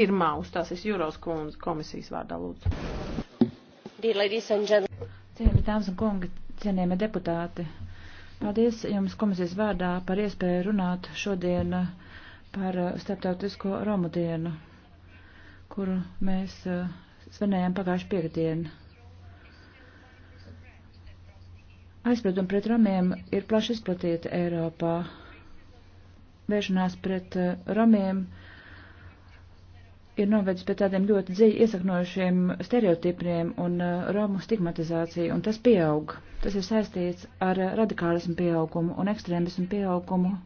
Pirmā uzstāsies Jūros komisijas vārdā, lūdzu. Cienījami dāmas un kungi, cienījami deputāti, paldies jums komisijas vārdā par iespēju runāt šodien par starptautisko Romu dienu, kuru mēs svinējām pagājuši piekdienu. Aizspriedumi pret Romiem ir plaši izplatīti Eiropā. Vēršanās pret Romiem. Uh, ir novedis pie tādiem ļoti dziļi iesaknojušiem stereotipiem un uh, romu stigmatizāciju, un tas pieaug. Tas ir saistīts ar uh, radikālismu pieaugumu un ekstrēmismu pieaugumu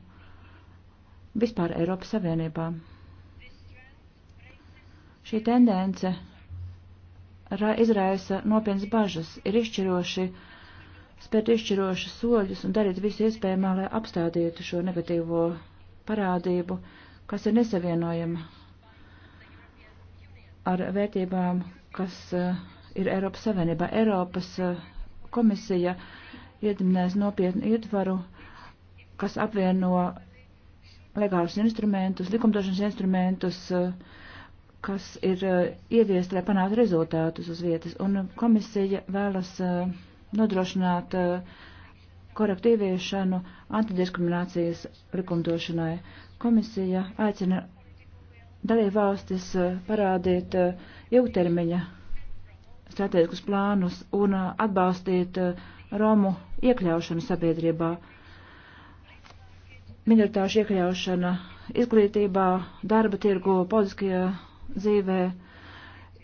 vispār Eiropas Savienībā. Šī tendence izraisa nopietnas bažas, ir izšķiroši spērt izšķirošas soļus un darīt visu iespējamā, lai apstādītu šo negatīvo parādību, kas ir nesavienojama ar vērtībām, kas uh, ir Eiropas Savienībā. Eiropas uh, komisija iedimnēs nopietnu ietvaru, kas apvieno legālus instrumentus, likumdošanas instrumentus, uh, kas ir ieviest, lai panātu rezultātus uz vietas. Un komisija vēlas nodrošināt korektīviešanu antidiskriminācijas likumdošanai. Komisija aicina dalībvalstis eh, parādīt eh, ilgtermiņa strateģiskus plānus un eh, atbalstīt Romu iekļaušanu sabiedrībā, minoritāšu iekļaušana izglītībā, darba tirgu, politiskajā dzīvē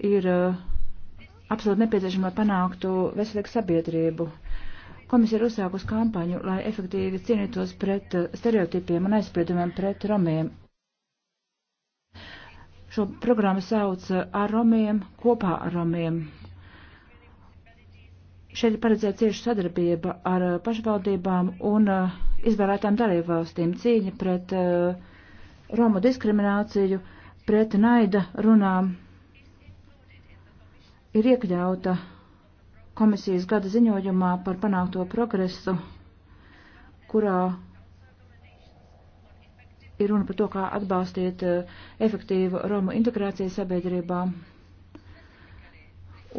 ir absolūti nepieciešama, lai panāktu veselīgu sabiedrību. Komisija ir uzsākusi kampaņu, lai efektīvi cīnītos pret stereotipiem un aizspriedumiem pret romiem Šo programmu sauc eh, ar romiem, kopā ar romiem. Šeit ir paredzēta cieša sadarbība ar eh, pašvaldībām un eh, izvēlētām dalībvalstīm cīņa pret romu diskrimināciju, pret naida runām ir iekļauta komisijas gada ziņojumā par panākto progresu, kurā ir runa par to, kā atbalstīt eh, efektīvu Romu integrāciju sabiedrībā.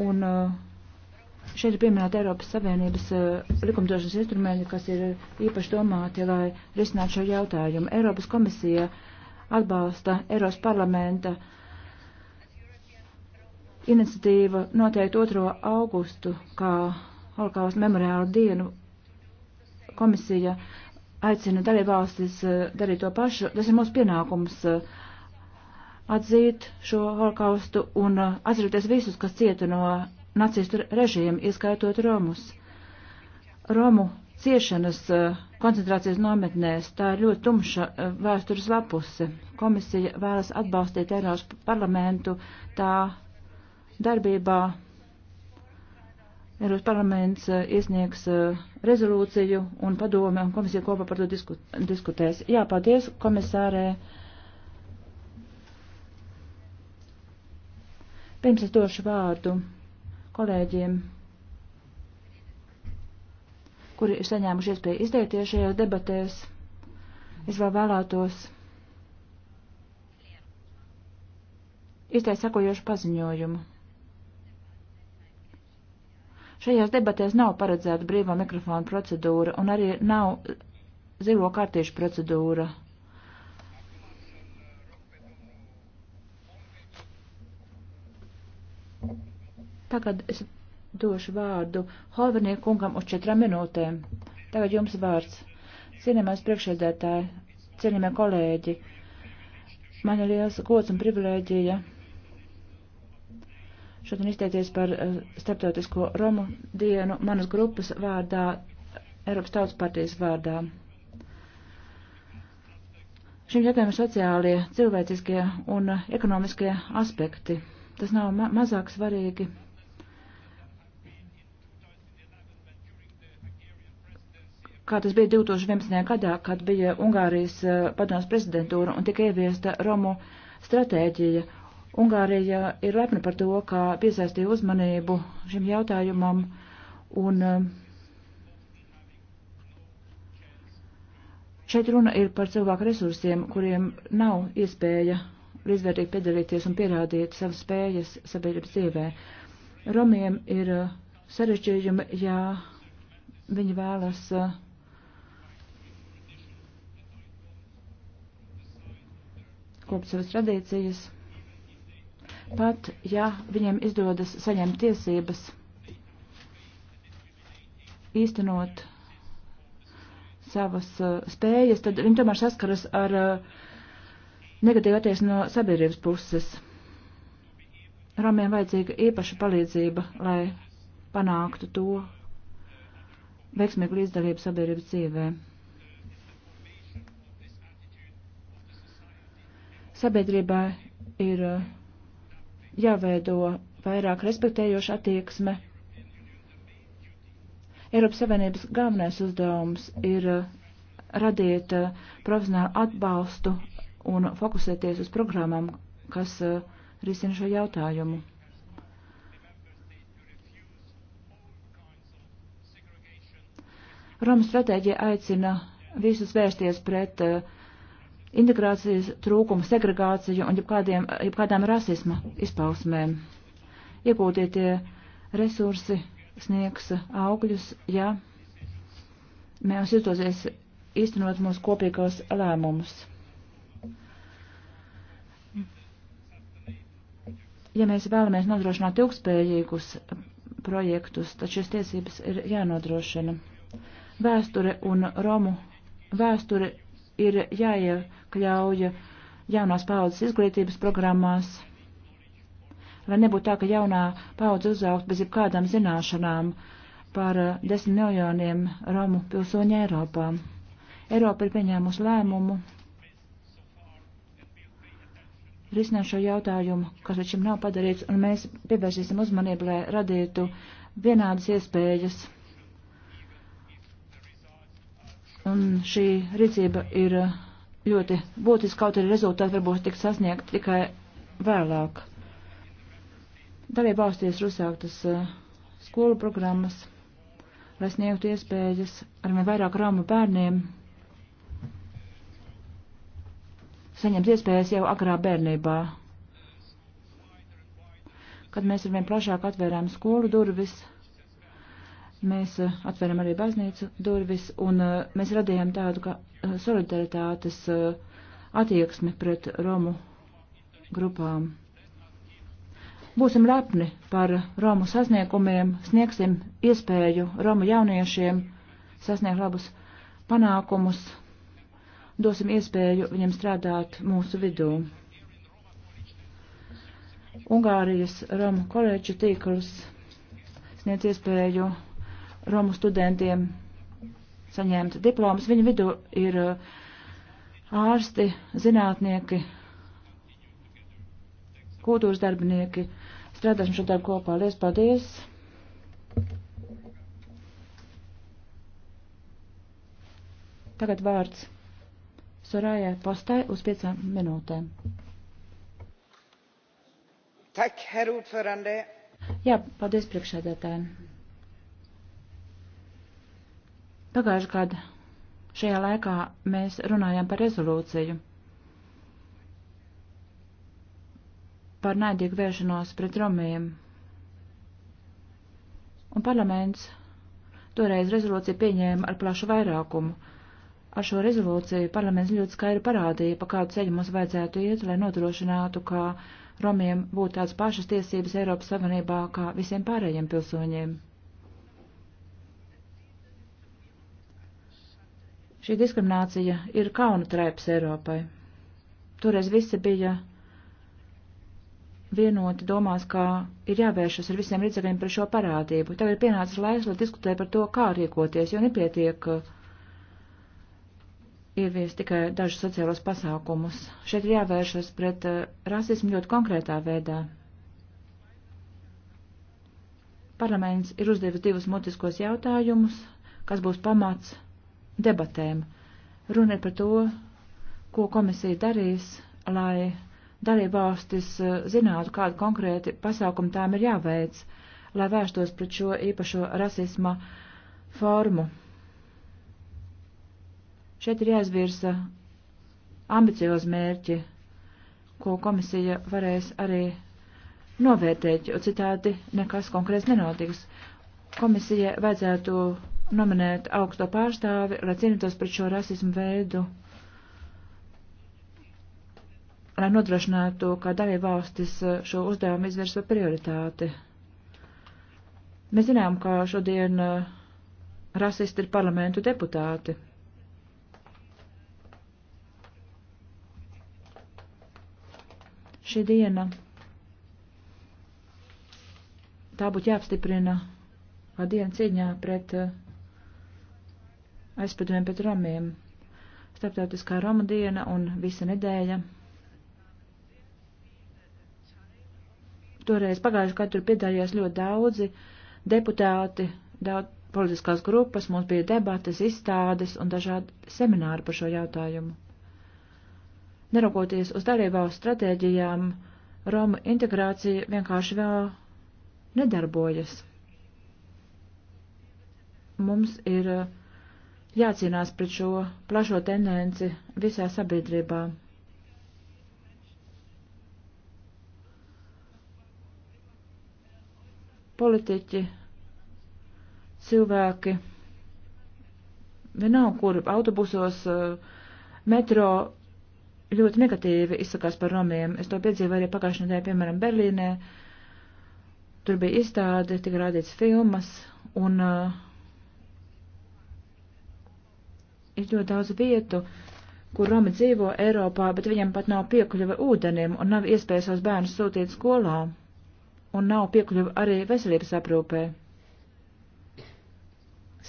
Un eh, šeit ir pieminēta Eiropas Savienības eh, likumdošanas instrumenti, kas ir īpaši domāti, lai risinātu šo jautājumu. Eiropas komisija atbalsta Eiropas parlamenta iniciatīva noteikti 2. augustu kā holokausta memoriālu dienu komisija uh, aicina dalībvalstis eh, darīt to pašu. Tas ir mūsu pienākums eh, atzīt šo holokaustu un eh, atcerēties visus, kas cieta no nacistu režīmu, ieskaitot Romus. Romu ciešanas koncentrācijas nometnēs tā ir ļoti tumša vēstures lapuse. Komisija vēlas atbalstīt Eiropas parlamentu tā darbībā Eiropas parlaments eh, iesniegs eh, rezolūciju un padome un komisija kopā par to disku, diskutēs. Jā, paldies komisārē. Pirms es došu vārdu kolēģiem, kuri ir saņēmuši iespēju izteikties šajās debatēs. Es vēl vēlētos izteikt sakojošu paziņojumu. Šajās debatēs nav paredzēta brīvā mikrofona procedūra un arī nav zilo kartīšu procedūra. Tagad es došu vārdu Holvenija kungam uz četrām minūtēm. Tagad jums vārds. Cienījamais priekšēdētāji, cienījamie kolēģi, man ir liels gods un privilēģija šodien izteicies par eh, starptautisko Romu dienu manas grupas vārdā, Eiropas Tautas partijas vārdā. Šim jautājumam ir sociālie, cilvēciskie un eh, ekonomiskie aspekti. Tas nav ma mazāk svarīgi. Kā tas bija 2011. gadā, kad bija Ungārijas eh, padomas prezidentūra un tika ieviesta Romu stratēģija Ungārija ir lepna par to, ka piesaistīja uzmanību šim jautājumam un eh, šeit runa ir par cilvēku resursiem, kuriem nav iespēja līdzvērtīgi piedalīties un pierādīt savas spējas sabiedrības dzīvē. Romiem ir eh, sarežģījumi, ja viņi vēlas uh, kopt savas tradīcijas pat ja viņiem izdodas saņemt tiesības īstenot savas uh, spējas, tad viņi tomēr saskaras ar uh, negatīvu attieksmi no sabiedrības puses. Romiem vajadzīga īpaša palīdzība, lai panāktu to veiksmīgu līdzdalību sabiedrības dzīvē. Sabiedrībā ir uh, jāveido vairāk respektējoša attieksme. Eiropas Savienības galvenais uzdevums ir uh, radīt uh, profesionālu atbalstu un fokusēties uz programmām, kas uh, risina šo jautājumu. Romas stratēģija aicina visus vērsties pret uh, integrācijas trūkumu, segregāciju un jebkādiem, jebkādām rasisma izpausmēm. Iegūtie tie resursi sniegs augļus, ja mēs izdosies īstenot mūsu kopīgos lēmumus. Ja mēs vēlamies nodrošināt ilgspējīgus projektus, tad šīs tiesības ir jānodrošina. Vēsture un Romu vēsture ir jāiekļauj jaunās paudzes izglītības programmās, lai nebūtu tā, ka jaunā paudze uzaugt bez jebkādām zināšanām par eh, desmit miljoniem Romu pilsoņu Eiropā. Eiropa ir pieņēmusi lēmumu risināt šo jautājumu, kas līdz šim nav padarīts, un mēs pievērsīsim uzmanību, lai radītu vienādas iespējas Un šī rīcība ir eh, ļoti būtiska, kaut arī rezultāti varbūt tiks sasniegt tikai vēlāk. Dalība valstīs ir uzsāktas eh, skolu programmas, lai sniegtu iespējas arvien vairāk Romu bērniem saņemt iespējas jau agrā bērnībā. Kad mēs arvien plašāk atvērām skolu durvis, Mēs eh, atveram arī baznīcu durvis un eh, mēs radījām tādu kā eh, solidaritātes attieksmi pret Romu grupām. Būsim lepni par Romu sasniegumiem, sniegsim iespēju Romu jauniešiem sasniegt labus panākumus, dosim iespēju viņiem strādāt mūsu vidū. Ungārijas Romu koledžu tīklus sniedz iespēju Romu studentiem saņēma diplomas. Viņu vidū ir uh, ārsti, zinātnieki, kultūras darbinieki. Strādāsim šo darbu kopā. Lies paldies! Tagad vārds Sorājai Postai uz piecām minūtēm. Tak, herr ordförande. Jā, paldies priekšsēdētājiem. Pagājušajā gadā šajā laikā mēs runājām par rezolūciju, par naidīgu vēršanos pret romiem. Un parlaments toreiz rezolūciju pieņēma ar plašu vairākumu. Ar šo rezolūciju parlaments ļoti skaidri parādīja, pa kādu ceļu mums vajadzētu iet, lai nodrošinātu, ka romiem būtu tādas pašas tiesības Eiropas Savienībā kā visiem pārējiem pilsoņiem. Šī diskriminācija ir kauna trēps Eiropai. Toreiz visi bija vienoti domās, ka ir jāvēršas ar visiem līdzekļiem par šo parādību. Tagad ir pienācis laiks, lai diskutē par to, kā rīkoties, jo nepietiek ievies tikai dažus sociālos pasākumus. Šeit ir jāvēršas pret eh, rasismu ļoti konkrētā veidā. Parlaments ir uzdevis divus mutiskos jautājumus, kas būs pamats debatēm. Runa ir par to, ko komisija darīs, lai dalībvalstis eh, zinātu, kādu konkrēti pasākumu tām ir jāveic, lai vērstos pret šo īpašo rasisma formu. Šeit ir jāizvirsa ambiciozi mērķi, ko komisija varēs arī novērtēt, jo citādi nekas konkrēts nenotiks. Komisijai vajadzētu nominēt augsto pārstāvi, lai cīnītos pret šo rasismu veidu, lai nodrošinātu, ka dalība valstis eh, šo uzdevumu izvirs par prioritāti. Mēs zinām, ka šodien eh, rasisti ir parlamentu deputāti. Šī diena tā būtu jāapstiprina kā diena cīņā pret uh, aizpadumiem pret romiem. Starptautiskā Roma diena un visa nedēļa. Toreiz pagājušajā gadā tur piedalījās ļoti daudzi deputāti, daudz politiskās grupas, mums bija debates, izstādes un dažādi semināri par šo jautājumu. Neraugoties uz dalībvalstu stratēģijām, Roma integrācija vienkārši vēl nedarbojas. Mums ir uh, jācīnās pret šo plašo tendenci visā sabiedrībā. Politiķi, cilvēki, vienalga, kur autobusos, eh, metro ļoti negatīvi izsakās par romiem. Es to piedzīvoju arī pagājušajā nedēļā, piemēram, Berlīnē. Tur bija izstāde, tika rādīts filmas, un uh, ir ļoti daudz vietu, kur Romi dzīvo Eiropā, bet viņiem pat nav piekļuva ūdenim un nav iespējas savus bērnus sūtīt skolā, un nav piekļuva arī veselības aprūpē.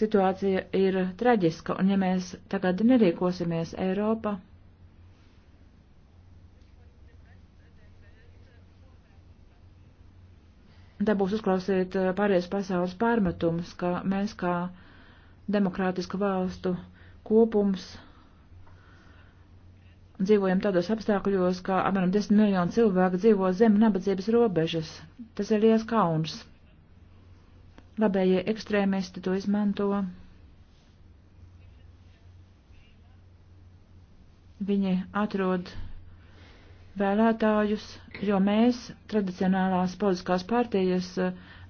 Situācija ir traģiska, un ja mēs tagad nerīkosimies Eiropa, dabūs uzklausīt pārējais pasaules pārmetums, ka mēs kā demokrātisku valstu kopums. Dzīvojam tādos apstākļos, ka apmēram 10 miljonu cilvēku dzīvo zem nabadzības robežas. Tas ir liels kauns. Labējie ekstrēmisti to izmanto. Viņi atrod vēlētājus, jo mēs, tradicionālās politiskās pārtījas,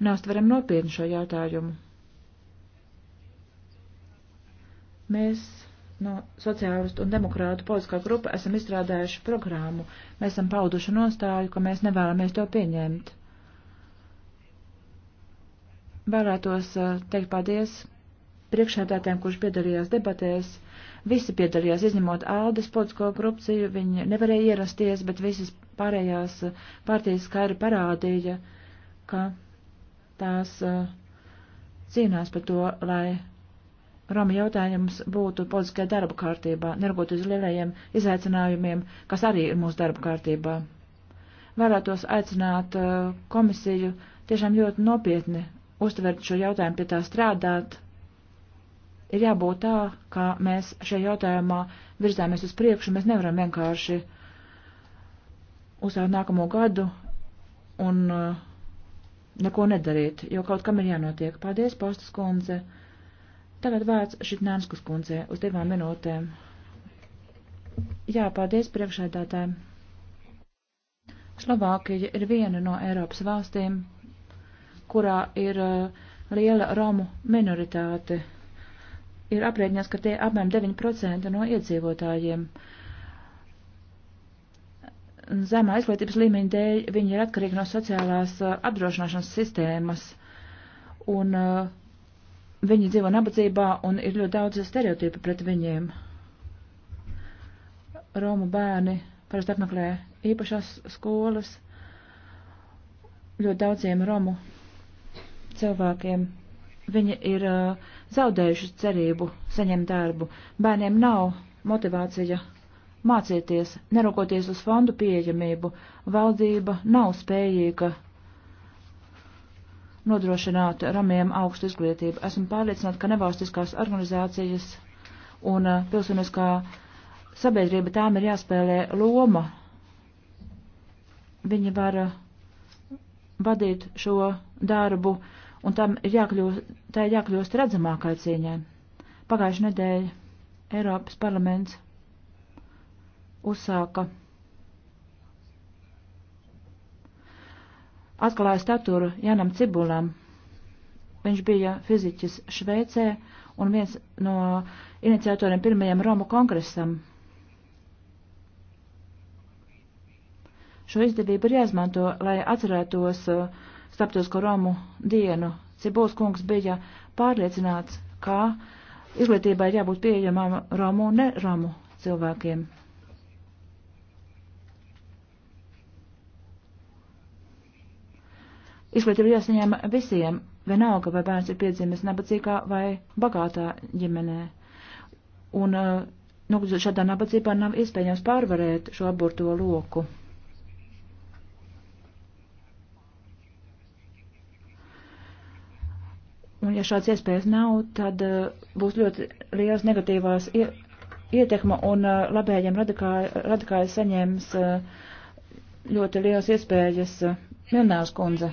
neustveram nopietni šo jautājumu. Mēs no sociālistu un demokrātu politiskā grupa esam izstrādājuši programmu. Mēs esam pauduši nostāju, ka mēs nevēlamies to pieņemt. Vēlētos eh, teikt paldies priekšādātēm, kurš piedalījās debatēs. Visi piedalījās, izņemot Aldes politisko korupciju. Viņi nevarēja ierasties, bet visas pārējās eh, partijas skaidri parādīja, ka tās eh, cīnās par to, lai Roma jautājums būtu politiskajā darba kārtībā, nergot uz lielajiem izaicinājumiem, kas arī ir mūsu darba kārtībā. Vēlētos aicināt uh, komisiju tiešām ļoti nopietni uztvert šo jautājumu, pie tā strādāt. Ir jābūt tā, ka mēs šajā jautājumā virzāmies uz priekšu, mēs nevaram vienkārši uzsākt nākamo gadu un uh, neko nedarīt, jo kaut kam ir jānotiek. Paldies, Postas kundze! Tagad vārds Šitnānskas kundzē uz divām minūtēm. Jā, paldies priekšēdātājiem. Slovākija ir viena no Eiropas valstīm, kurā ir uh, liela romu minoritāte. Ir aprēķināts, ka tie apmēram 9% no iedzīvotājiem. Zemā izglītības līmeņa dēļ viņi ir atkarīgi no sociālās uh, apdrošināšanas sistēmas. Un uh, Viņi dzīvo nabadzībā un ir ļoti daudz stereotipu pret viņiem. Romu bērni parasti apmeklē īpašās skolas. Ļoti daudziem Romu cilvēkiem viņi ir uh, zaudējuši cerību saņemt darbu. Bērniem nav motivācija mācīties, neraugoties uz fondu pieejamību. Valdība nav spējīga nodrošināt ramiem augstu izglītību. Esmu pārliecināta, ka nevalstiskās organizācijas un eh, pilsoniskā sabiedrība tām ir jāspēlē loma. Viņi var eh, vadīt šo darbu, un tam ir jākļūst, tā ir jākļūst redzamākai cīņai. Pagājušajā nedēļā Eiropas parlaments uzsāka atklāja statūru Janam Cibulam. Viņš bija fiziķis Šveicē un viens no iniciatoriem pirmajam Romu kongresam. Šo izdevību ir jāizmanto, lai atcerētos uh, starptautisko Romu dienu. Cibuls kungs bija pārliecināts, ka izglītībai jābūt pieejamām Romu un ne Romu cilvēkiem. Izglītība ir jāsaņem visiem, vienalga vai bērns ir piedzimis nabadzīgā vai bagātā ģimenē. Un uh, nu, šādā nabadzībā nav iespējams pārvarēt šo aborto loku. Un ja šāds iespējas nav, tad uh, būs ļoti liels negatīvās ietekma un uh, labējiem radikāli, radikāli saņems uh, ļoti liels iespējas. Uh, Milnārs kundze.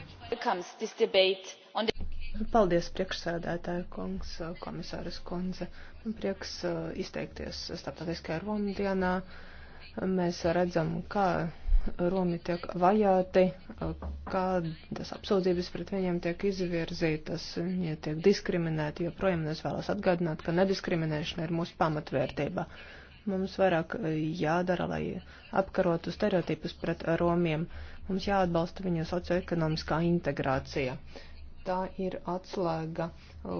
Paldies, priekšsēdētāja kungs, komisāras kundze. Man prieks uh, izteikties starptautiskajā Romu dienā. Mēs redzam, kā Romi tiek vajāti, kādas apsūdzības pret viņiem tiek izvirzītas, viņi tiek diskriminēti, jo projām es vēlos atgādināt, ka nediskriminēšana ir mūsu pamatvērtība. Mums vairāk e, jādara, lai apkarotu stereotipus pret e, romiem. Mums jāatbalsta viņu socioekonomiskā integrācija. Tā ir atslēga e,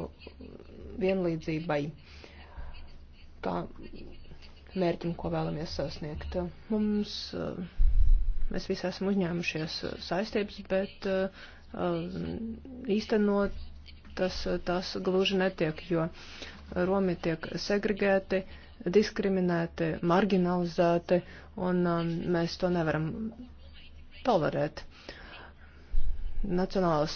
vienlīdzībai, kā mērķim, ko vēlamies sasniegt. Mums, mēs visi esam uzņēmušies saistības, bet īstenot tas, tas gluži netiek, jo Romi tiek segregēti diskriminēti, marginalizēti, un um, mēs to nevaram tolerēt. Nacionālas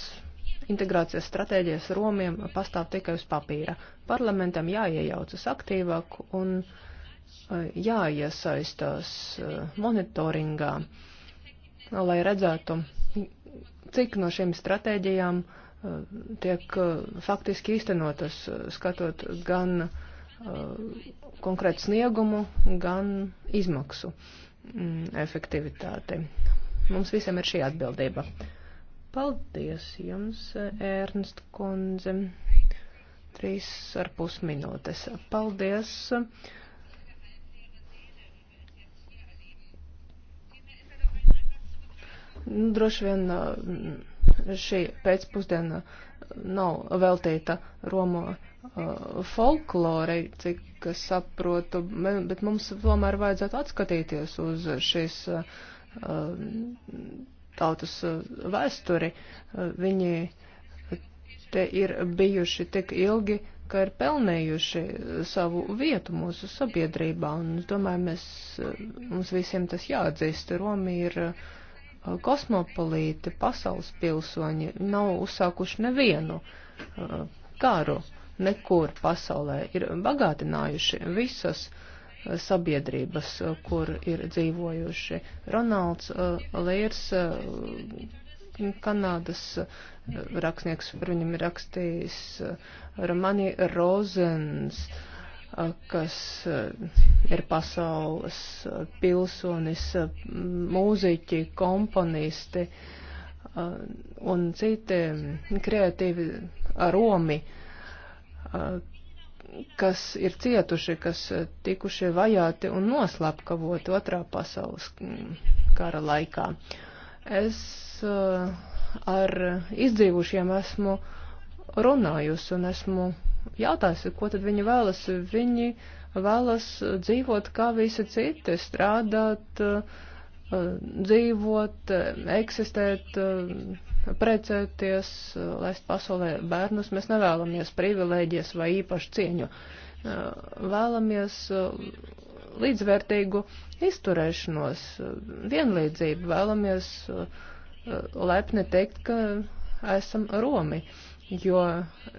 integrācijas stratēģijas Romiem pastāv tikai uz papīra. Parlamentam jāiejaucas aktīvāk un uh, jāiesaistās uh, monitoringā, lai redzētu, cik no šīm stratēģijām uh, tiek uh, faktiski īstenotas, uh, skatot gan uh, Uh, konkrētu sniegumu, gan izmaksu mm, efektivitāti. Mums visiem ir šī atbildība. Paldies jums, Ernst kundze. Trīs ar pus minūtes. Paldies. Nu, droši vien uh, šī pēcpusdiena nav veltīta Romu Eh, folklorei, cik es saprotu, bet mums tomēr vajadzētu atskatīties uz šīs eh, tautas eh, vēsturi. Viņi te ir bijuši tik ilgi, ka ir pelnējuši savu vietu mūsu sabiedrībā, un es domāju, mēs, mums visiem tas jāatzīst. Romi ir kosmopolīti, pasaules pilsoņi, nav uzsākuši nevienu karu. Uh, nekur pasaulē ir bagātinājuši visas eh, sabiedrības, eh, kur ir dzīvojuši. Ronalds eh, Leirs, Kanādas rakstnieks, par viņam ir rakstījis Romani Rozens, kas ir pasaules pilsonis, mūziķi, komponisti un citi kreatīvi Romi Uh, kas ir cietuši, kas uh, tikuši vajāti un noslapkavoti otrā pasaules mm, kara laikā. Es uh, ar izdzīvušiem esmu runājusi un esmu jautājusi, ko tad viņi vēlas. Viņi vēlas dzīvot kā visi citi, strādāt, uh, Eh, dzīvot, eh, eksistēt, eh, precēties, laist pasaulē bērnus. Mēs nevēlamies privilēģijas vai īpašu cieņu. Vēlamies līdzvērtīgu izturēšanos, vienlīdzību. Vēlamies lepni teikt, ka esam Romi, jo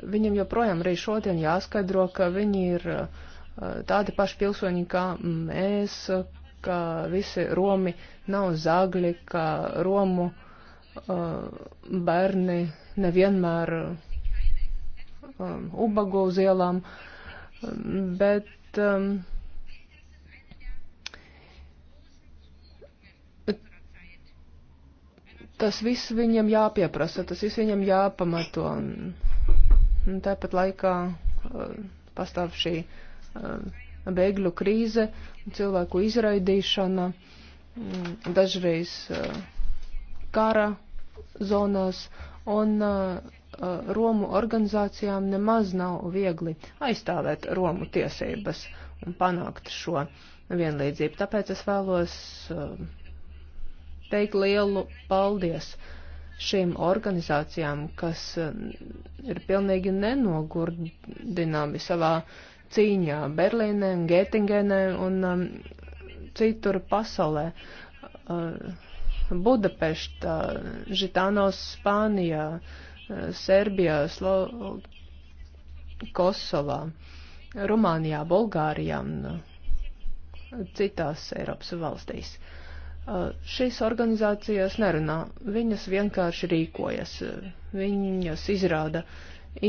viņam joprojām arī šodien jāskaidro, ka viņi ir tādi paši pilsoņi kā mēs, ka visi Romi nav zagļi, ka Romu uh, bērni nevienmēr um, ubago uz ielām, bet um, tas viss viņam jāpieprasa, tas viss viņam jāpamato. Un, un tāpat laikā uh, pastāv šī uh, bēgļu krīze, cilvēku izraidīšana, mm, dažreiz eh, kara zonās, un eh, eh, Romu organizācijām nemaz nav viegli aizstāvēt Romu tiesības un panākt šo vienlīdzību. Tāpēc es vēlos teikt lielu paldies šīm organizācijām, kas ir pilnīgi nenogurdināmi savā cīņā Berlīnē, Gētingenē un um, citur pasaulē. Uh, Budapešta, Žitānos, Spānijā, uh, Serbijā, Slo Kosovā, Rumānijā, Bulgārijā un uh, citās Eiropas valstīs. Uh, šīs organizācijas nerunā, viņas vienkārši rīkojas, viņas izrāda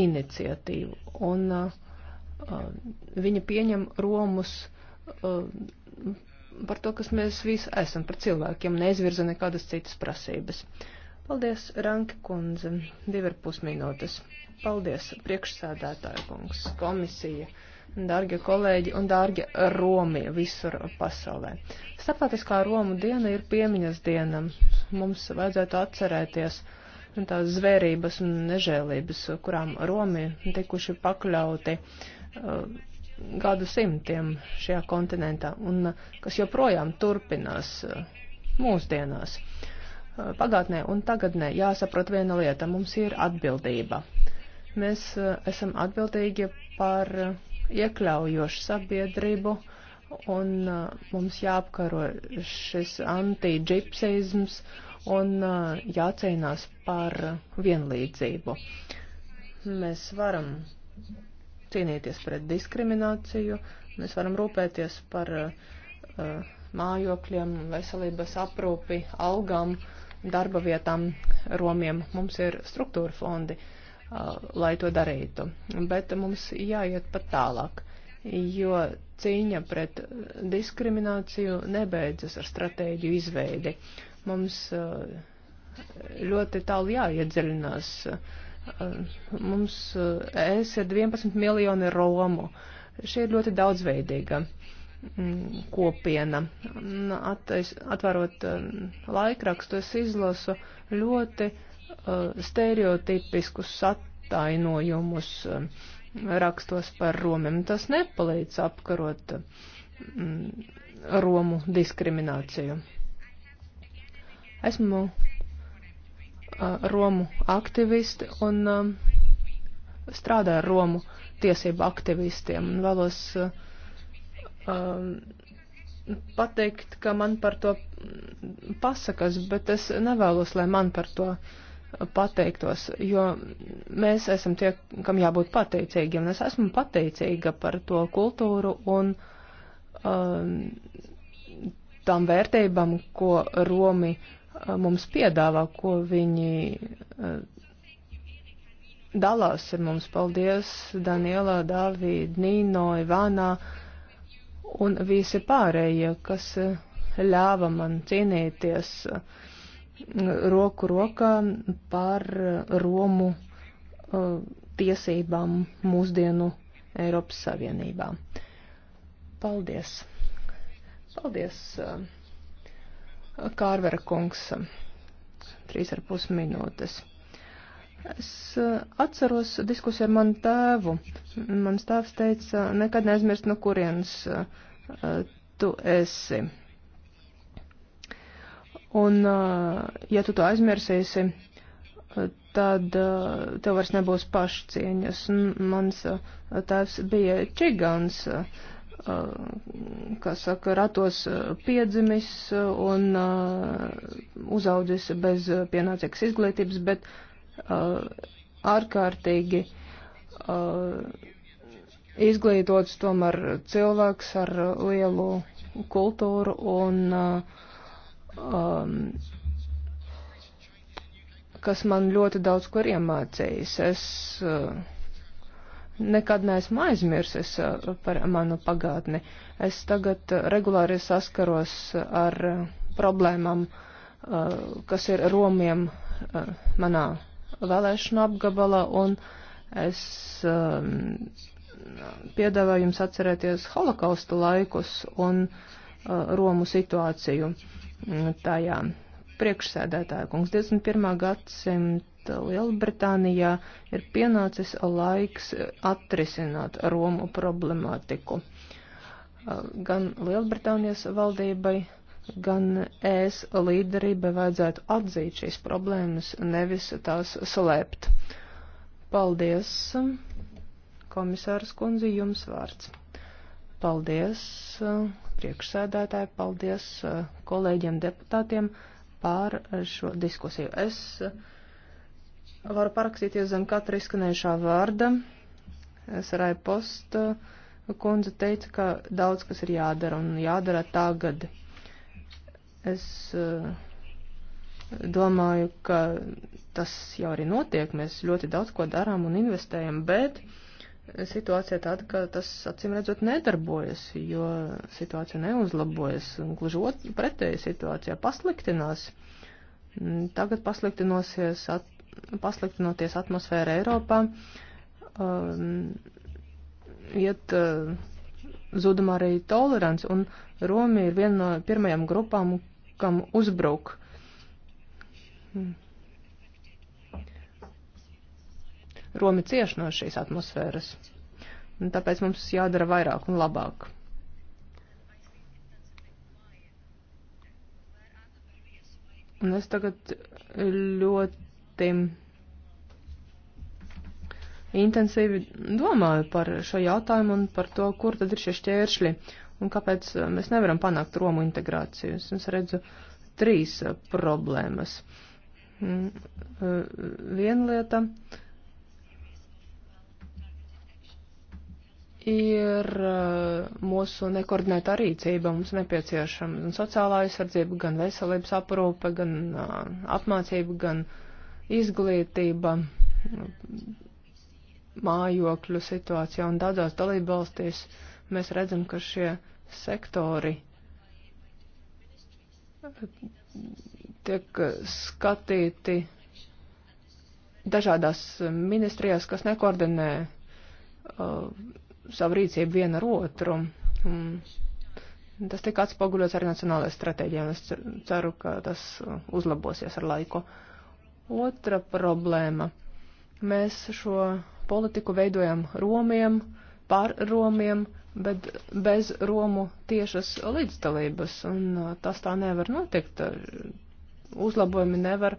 iniciatīvu. Un, uh, Uh, viņa pieņem Romus uh, par to, kas mēs visi esam, par cilvēkiem, neizvirza nekādas citas prasības. Paldies, Ranki kundze, divi ar pus minūtes. Paldies, priekšsēdētāja kungs, komisija, dārgie kolēģi un dārgie Romi visur pasaulē. Starptautiskā Romu diena ir piemiņas diena. Mums vajadzētu atcerēties tās zvērības un nežēlības, kurām Romi tikuši pakļauti. Uh, Uh, gadu simtiem šajā kontinentā un uh, kas joprojām turpinās uh, mūsdienās. Pagātnē un tagadnē jāsaprot viena lieta - mums ir atbildība. Mēs esam atbildīgi par iekļaujošu sabiedrību un mums jāapkaro šis anti-džipseizms un jācīnās par vienlīdzību. Mēs varam cīnīties pret diskrimināciju, mēs varam rūpēties par uh, mājokļiem, veselības aprūpi, algām, darba vietām, romiem. Mums ir struktūra fondi, uh, lai to darītu, bet mums jāiet pat tālāk, jo cīņa pret diskrimināciju nebeidzas ar stratēģiju izveidi. Mums uh, ļoti tālu jāiedziļinās. Uh, Mums es ir 11 miljoni Romu. Šī ir ļoti daudzveidīga mm, kopiena. Atvarot laikrakstu, es izlasu ļoti stereotipiskus attainojumus rakstos par Romiem. Tas nepalīdz apkarot mm, Romu diskrimināciju. Esmu Romu aktivisti un strādāju ar Romu tiesību aktivistiem. Un vēlos pateikt, ka man par to pasakas, bet es nevēlos, lai man par to pateiktos, jo mēs esam tie, kam jābūt pateicīgiem. Es esmu pateicīga par to kultūru un um, tām vērtībām, ko Romi uh, mums piedāvā, ko viņi dalās ar mums. Paldies Daniela, Davīd, Nino, Ivana un visi pārējie, kas ļāva man cīnīties roku rokā par Romu tiesībām mūsdienu Eiropas Savienībā. Paldies! Paldies! Uh... Kārvera kungs, trīs ar pus minūtes. Es eh, atceros diskusiju ar manu tēvu. Mans tēvs teica, nekad neaizmirst, no kurienes eh, tu esi. Un, eh, ja tu to aizmirsīsi, tad tev vairs nebūs pašcieņas. Mans tēvs bija čigāns. Eh, kā saka, ratos eh, piedzimis eh, un uzaudzis bez pienācīgas izglītības, bet ārkārtīgi izglītots tomēr cilvēks ar lielu kultūru un kas man ļoti daudz kur iemācījis. Es nekad neesmu aizmirsis uh, par manu pagātni. Es tagad uh, regulāri saskaros uh, ar problēmām, kas ir Romiem manā vēlēšana apgabalā, un es um, piedāvāju jums atcerēties holokausta laikus un Romu situāciju mm, tajā. Priekšsēdētāja kungs 21. gadsimta Lielbritānijā ir pienācis laiks atrisināt Romu problemātiku. Gan Lielbritānijas valdībai, gan ES līderībai vajadzētu atzīt šīs problēmas, nevis tās slēpt. Paldies, komisārs kundze, jums vārds. Paldies, priekšsēdētāji, paldies kolēģiem deputātiem par šo diskusiju. Es Varu parakstīties zem katra izskanējušā vārda. Sarai Posta uh, kundze teica, ka daudz kas ir jādara un jādara tagad. Es uh, domāju, ka tas jau arī notiek. Mēs ļoti daudz ko darām un investējam, bet situācija tāda, ka tas acīm redzot nedarbojas, jo situācija neuzlabojas. Gluži pretēji situācijā pasliktinās. Tagad pasliktinosies at pasliktinoties atmosfēra Eiropā, um, iet uh, zudumā arī tolerants, un Romi ir viena no pirmajām grupām, kam uzbruk. Hmm. Romi cieši no šīs atmosfēras, un tāpēc mums jādara vairāk un labāk. Un es tagad ļoti ļoti intensīvi domāju par šo jautājumu un par to, kur tad ir šie šķēršļi un kāpēc uh, mēs nevaram panākt Romu integrāciju. Es redzu trīs uh, problēmas. Mm, uh, viena lieta ir mūsu nekoordinētā rīcība. Mums nepieciešama gan sociālā aizsardzība, gan veselības aprūpe, gan apmācība, gan uh, izglītība, mājokļu situācija un daudzās dalībvalstīs mēs redzam, ka šie sektori tiek skatīti dažādās ministrijās, kas nekoordinē uh, savu rīcību vienu ar otru. Un tas tika atspoguļots arī nacionālajā stratēģijā, un es ceru, ka tas uzlabosies ar laiku. Uh, Otra problēma. Mēs šo politiku veidojam Romiem, par Romiem, bet bez Romu tiešas līdzdalības, un uh, tas tā nevar notikt. Uh, uzlabojumi nevar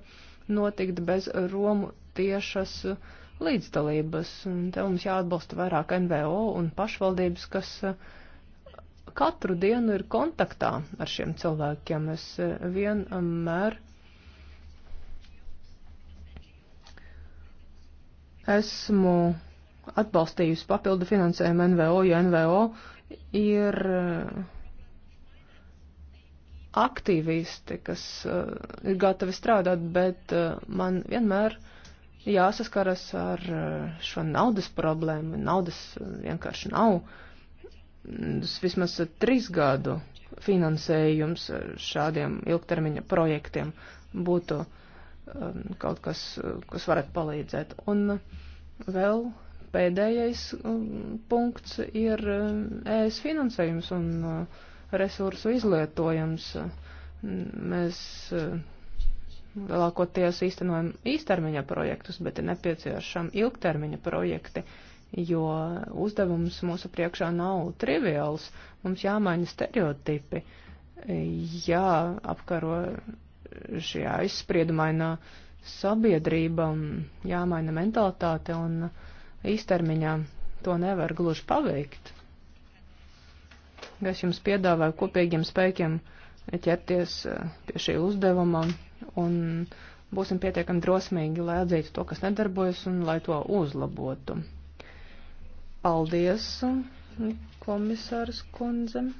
notikt bez Romu tiešas uh, līdzdalības, un te mums jāatbalsta vairāk NVO un pašvaldības, kas katru dienu ir kontaktā ar šiem cilvēkiem. Es vienmēr Esmu atbalstījusi papildu finansējumu NVO, jo NVO ir eh, aktīvisti, kas uh, ir gatavi strādāt, bet uh, man vienmēr jāsaskaras ar uh, šo naudas problēmu. Naudas uh, vienkārši nav. Tas vismaz uh, trīs gadu finansējums šādiem ilgtermiņa projektiem būtu uh, Um, kaut kas, uh, kas varētu palīdzēt. Un vēl pēdējais um, punkts ir ES um, finansējums un uh, resursu izlietojums. Mēs uh, lielākoties īstenojam īstermiņa projektus, bet ir nepieciešami ilgtermiņa projekti, jo uzdevums mūsu priekšā nav triviāls. Mums jāmaina stereotipi, jāapkaro šajā izspriedumainā sabiedrība jāmaina mentalitāte un īstermiņā to nevar gluži paveikt. Es jums piedāvāju kopīgiem spēkiem ķerties eh, pie šī uzdevuma un būsim pietiekami drosmīgi, lai atzītu to, kas nedarbojas un lai to uzlabotu. Paldies, komisārs Kunzem.